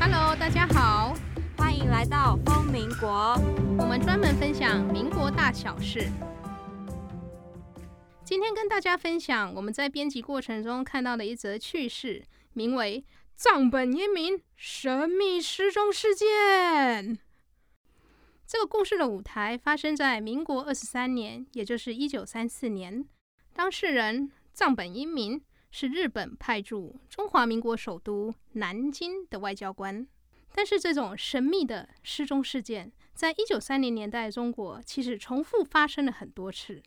Hello，大家好，歡迎來到瘋民國。我們專門分享民國大小事。今天跟大家分享我們在編輯過程中看到的一則趣事，名為《藏本英明神秘失蹤事件》。這個故事的舞台發生在民國二十三年，也就是一九三四年。當事人藏本英明。是日本派駐中華民國首都南京的外交官，但是這種神秘的失蹤事件，在一九三零年代中國其實重複發生了很多次，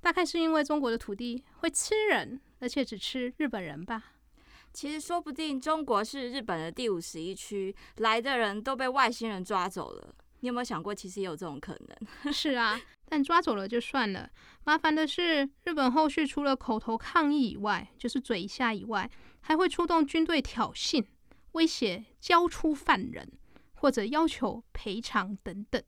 大概是因為中國的土地會吃人，而且只吃日本人吧？其實說不定中國是日本的第五十一區，來的人都被外星人抓走了，你有沒有想過，其實也有這種可能？ 是啊。但抓走了就算了，麻煩的是日本後續除了口頭抗議以外，就是嘴下以外，還會出動軍隊挑釁、威脅交出犯人或者要求賠償等等。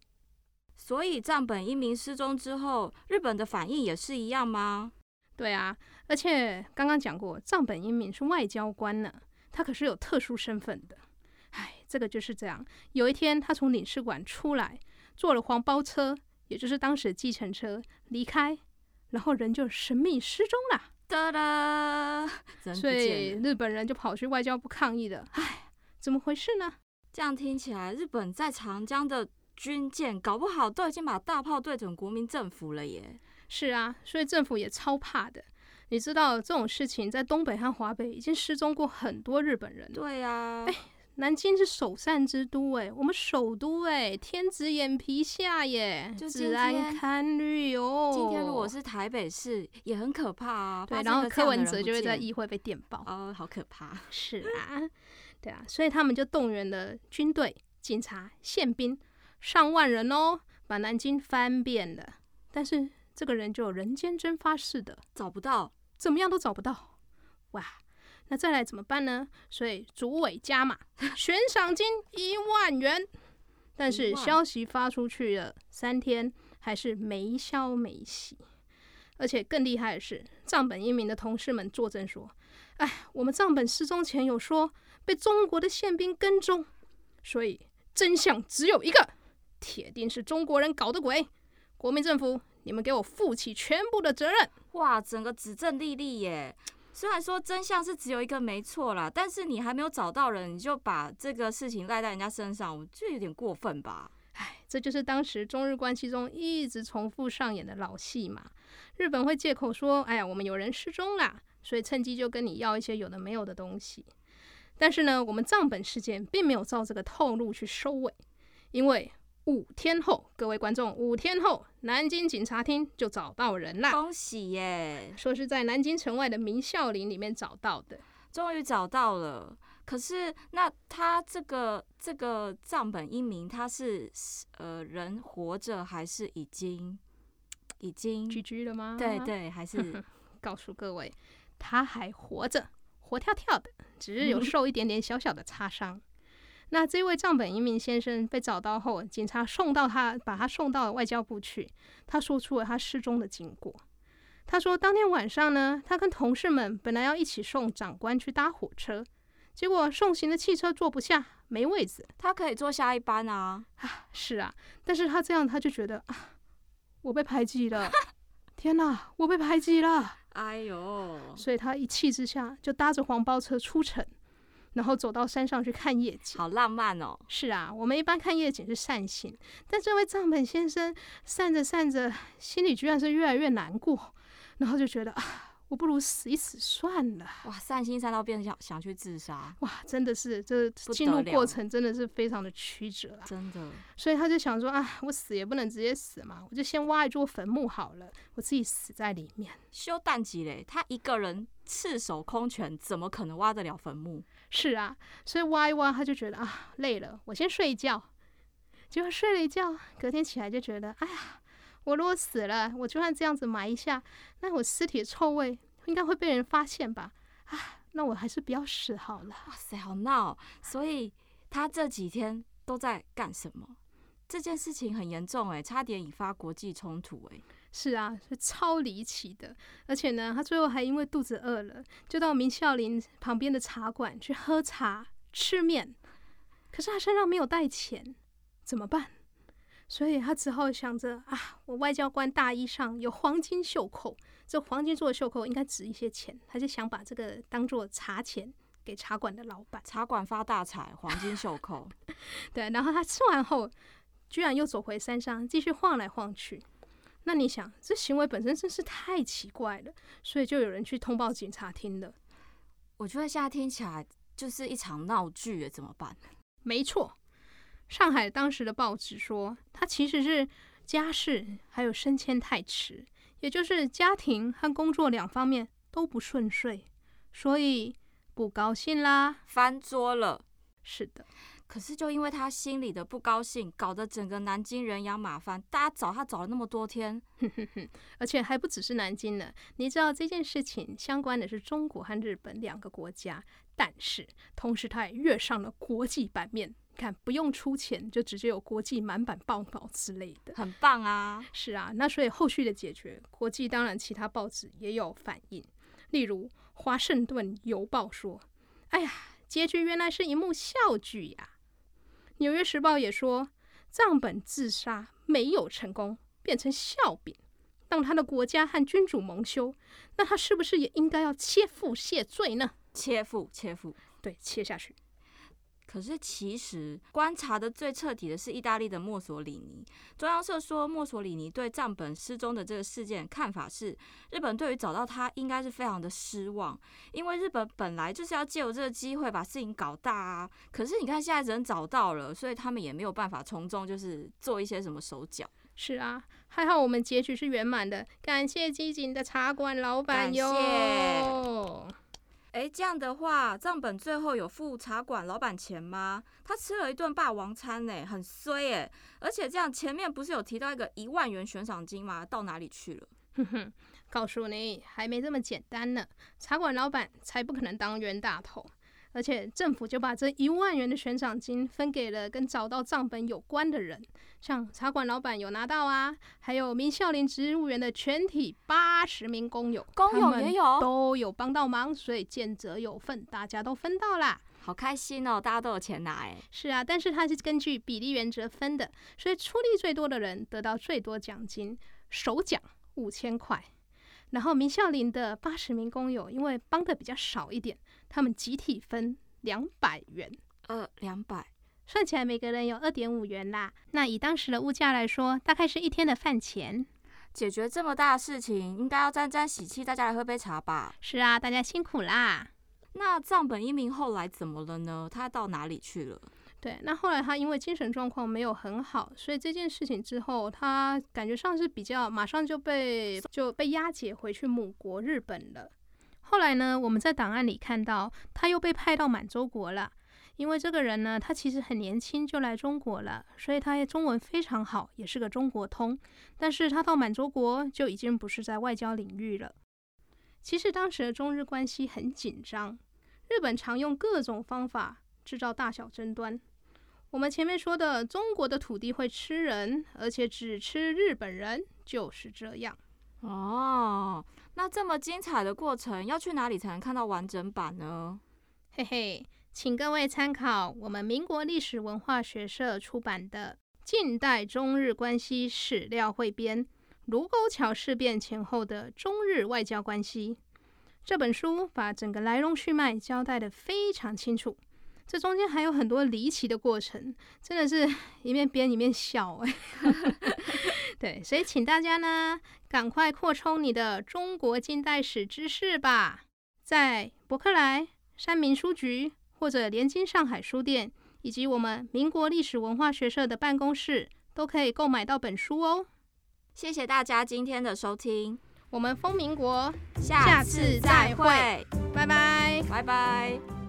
所以藏本英明失蹤之後，日本的反應也是一樣嗎？對啊，而且剛剛講過，藏本英明是外交官呢，他可是有特殊身份的。哎，這個就是這樣。有一天他從領事館出來，坐了黃包車。也就是當時計程車，離開，然後人就神秘失蹤噠了。噠噠，所以日本人就跑去外交部抗議了。唉，怎麼回事呢？這樣聽起來，日本在長江的軍艦搞不好都已經把大炮對準國民政府了耶。是啊，所以政府也超怕的。你知道這種事情在東北和華北已經失蹤過很多日本人了。對呀、啊。欸南京是首善之都，哎，我們首都，哎，天子眼皮下，耶，治安堪慮哦。今天如果是台北市，也很可怕啊。對，對，然後柯文哲就會在議會被電爆。哦、呃，好可怕。是啊，對啊，所以他們就動員了軍隊、警察、憲兵，上萬人哦，把南京翻遍了，但是這個人就有人間蒸發似的，找不到，怎麼樣都找不到。哇！那再來怎麼辦呢？所以主委加碼，懸賞金一萬元。但是消息發出去了，三天還是沒消沒息。而且更厲害的是，藏本英明的同事們作證說：“哎，我們藏本失蹤前有說被中國的憲兵跟蹤，所以真相只有一個，鐵定是中國人搞的鬼。國民政府，你們給我負起全部的責任！”哇，整個指證歷歷耶。雖然說真相是只有一個沒錯啦。但是你還沒有找到人，你就把這個事情賴在人家身上，我覺得有點過分吧。哎，這就是當時中日關係中一直重複上演的老戲嘛。日本會借口說：“哎呀，我們有人失蹤啦，所以趁機就跟你要一些有的沒有的東西。”但是呢，我們藏本事件並沒有照這個套路去收尾，因為，五天後，各位觀眾，五天後，南京警察廳就找到人了，恭喜耶！說是在南京城外的明孝陵裡面找到的，終於找到了。可是，那他這個這個藏本英明，他是呃，人活着還是已經已經 GG 了嗎？對對，還是 告訴各位，他還活着，活跳跳的，只是有受一點點小小的擦傷。 那這位藏本英明先生被找到後，警察送到他，把他送到外交部去。他說出了他失蹤的經過。他說，當天晚上呢，他跟同事們本來要一起送長官去搭火車，結果送行的汽車坐不下，沒位子。他可以坐下一班啊。啊，是啊。但是他這樣，他就覺得啊，我被排擠了。 天哪，我被排擠了。 哎呦。所以他一氣之下，就搭着黃包車出城。然後走到山上去看夜景，好浪漫哦！是啊，我們一般看夜景是散心，但這位藏本先生散著散著，心裡居然是越來越難過，然後就覺得啊。我不如死一死算了。哇，散心散到變成想想去自殺。哇，真的是這進入過程真的是非常的曲折啊，真的。所以他就想說啊，我死也不能直接死嘛，我就先挖一座墳墓好了，我自己死在裡面。修蛋幾勒，他一個人赤手空拳怎麼可能挖得了墳墓？是啊，所以挖一挖，他就覺得啊累了，我先睡一覺。結果睡了一覺，隔天起來就覺得哎呀。我如果死了，我就算這樣子埋一下，那我屍體的臭味應該會被人發現吧？啊，那我還是不要死好了。哇塞，好鬧！所以他這幾天都在幹什麼？這件事情很嚴重誒，差點引發國際衝突誒。是啊，是超離奇的。而且呢，他最後還因為肚子餓了，就到明孝陵旁邊的茶館去喝茶、吃麵。可是他身上沒有帶錢，怎麼辦？所以他只好想着啊，我外交官大衣上有黃金袖扣，這黃金做的袖扣應該值一些錢，他就想把這個當做茶錢給茶館的老闆，茶館發大財，黃金袖扣。 對，然後他吃完後，居然又走回山上繼續晃來晃去。那你想，這行為本身真是太奇怪了，所以就有人去通報警察廳了。我覺得現在聽起來就是一場鬧劇，怎麼辦？沒錯。上海當時的報紙說，他其實是家事還有升遷太遲，也就是家庭和工作兩方面都不順遂，所以不高興啦，翻桌了。是的。可是就因為他心裡的不高興，搞得整個南京人仰馬翻，大家找他找了那麼多天，哼哼哼，而且還不只是南京呢。你知道這件事情相關的是中國和日本兩個國家，但是同時他也躍上了國際版面。你看，不用出錢就直接有國際滿版報道之類的，很棒啊！是啊，那所以後續的解決，國際當然其他報紙也有反應，例如《華盛頓郵報》說：“哎呀，結局原來是一幕笑劇呀、啊。”《紐約時報》也說，藏本自殺沒有成功，變成笑柄，讓他的國家和君主蒙羞。那他是不是也應該要切腹謝罪呢？切腹，切腹，對，切下去。可是，其實觀察的最徹底的是意大利的墨索里尼。中央社說，墨索里尼對藏本失蹤的這個事件看法是：日本對於找到他應該是非常的失望，因為日本本來就是要借由這個機會把事情搞大啊。可是，你看現在人找到了，所以他們也沒有辦法從中就是做一些什麼手腳。是啊，還好我們結局是圓滿的。感謝機警的茶館老板喲。哎，這樣的話，藏本最後有付茶館老闆錢嗎？他吃了一頓霸王餐呢、欸，很衰誒、欸，而且這樣前面不是有提到一個一萬元懸賞金嗎？到哪裡去了？哼哼，告訴你，還沒這麼簡單呢。茶館老闆才不可能當冤大頭。而且政府就把這一萬元的懸賞金分給了跟找到藏本有關的人，像茶館老板有拿到啊，還有明孝陵植物園的全體八十名工友，工友也有，他們都有幫到忙，所以見者有份，大家都分到啦，好開心哦，大家都有錢拿誒。是啊，但是它是根據比例原則分的，所以出力最多的人得到最多獎金，首獎五千塊。然後明孝陵的八十名工友，因為幫的比較少一點，他們集體分兩百元，呃，兩百，算起來每個人有二點五元啦。那以當時的物價來說，大概是一天的飯錢。解決這麼大的事情，應該要沾沾喜氣，大家來喝杯茶吧。是啊，大家辛苦啦。那藏本英明後來怎麼了呢？他到哪裡去了？對，那後來他因為精神狀況沒有很好，所以這件事情之後，他感覺上是比較馬上就被就被押解回去母國日本了。後來呢，我們在檔案裡看到他又被派到滿洲國了。因為這個人呢，他其實很年輕就來中國了，所以他中文非常好，也是個中國通。但是他到滿洲國就已經不是在外交領域了。其實當時的中日關係很緊張，日本常用各種方法制造大小爭端。我們前面說的中國的土地會吃人，而且只吃日本人，就是這樣。哦，那這麼精彩的過程，要去哪裡才能看到完整版呢？嘿嘿，請各位參考我們民國歷史文化學社出版的《近代中日關係史料彙編》，盧溝橋事變前後的中日外交關係這本書，把整個來龍去脈交代得非常清楚。這中間還有很多離奇的過程，真的是一面編一面笑，欸、笑對，所以請大家呢趕快擴充你的中國近代史知識吧。在博客來、三民書局或者聯經上海書店，以及我們民國歷史文化學社的辦公室都可以購買到本書哦。謝謝大家今天的收聽，我們瘋民國下次再會，拜拜，拜拜。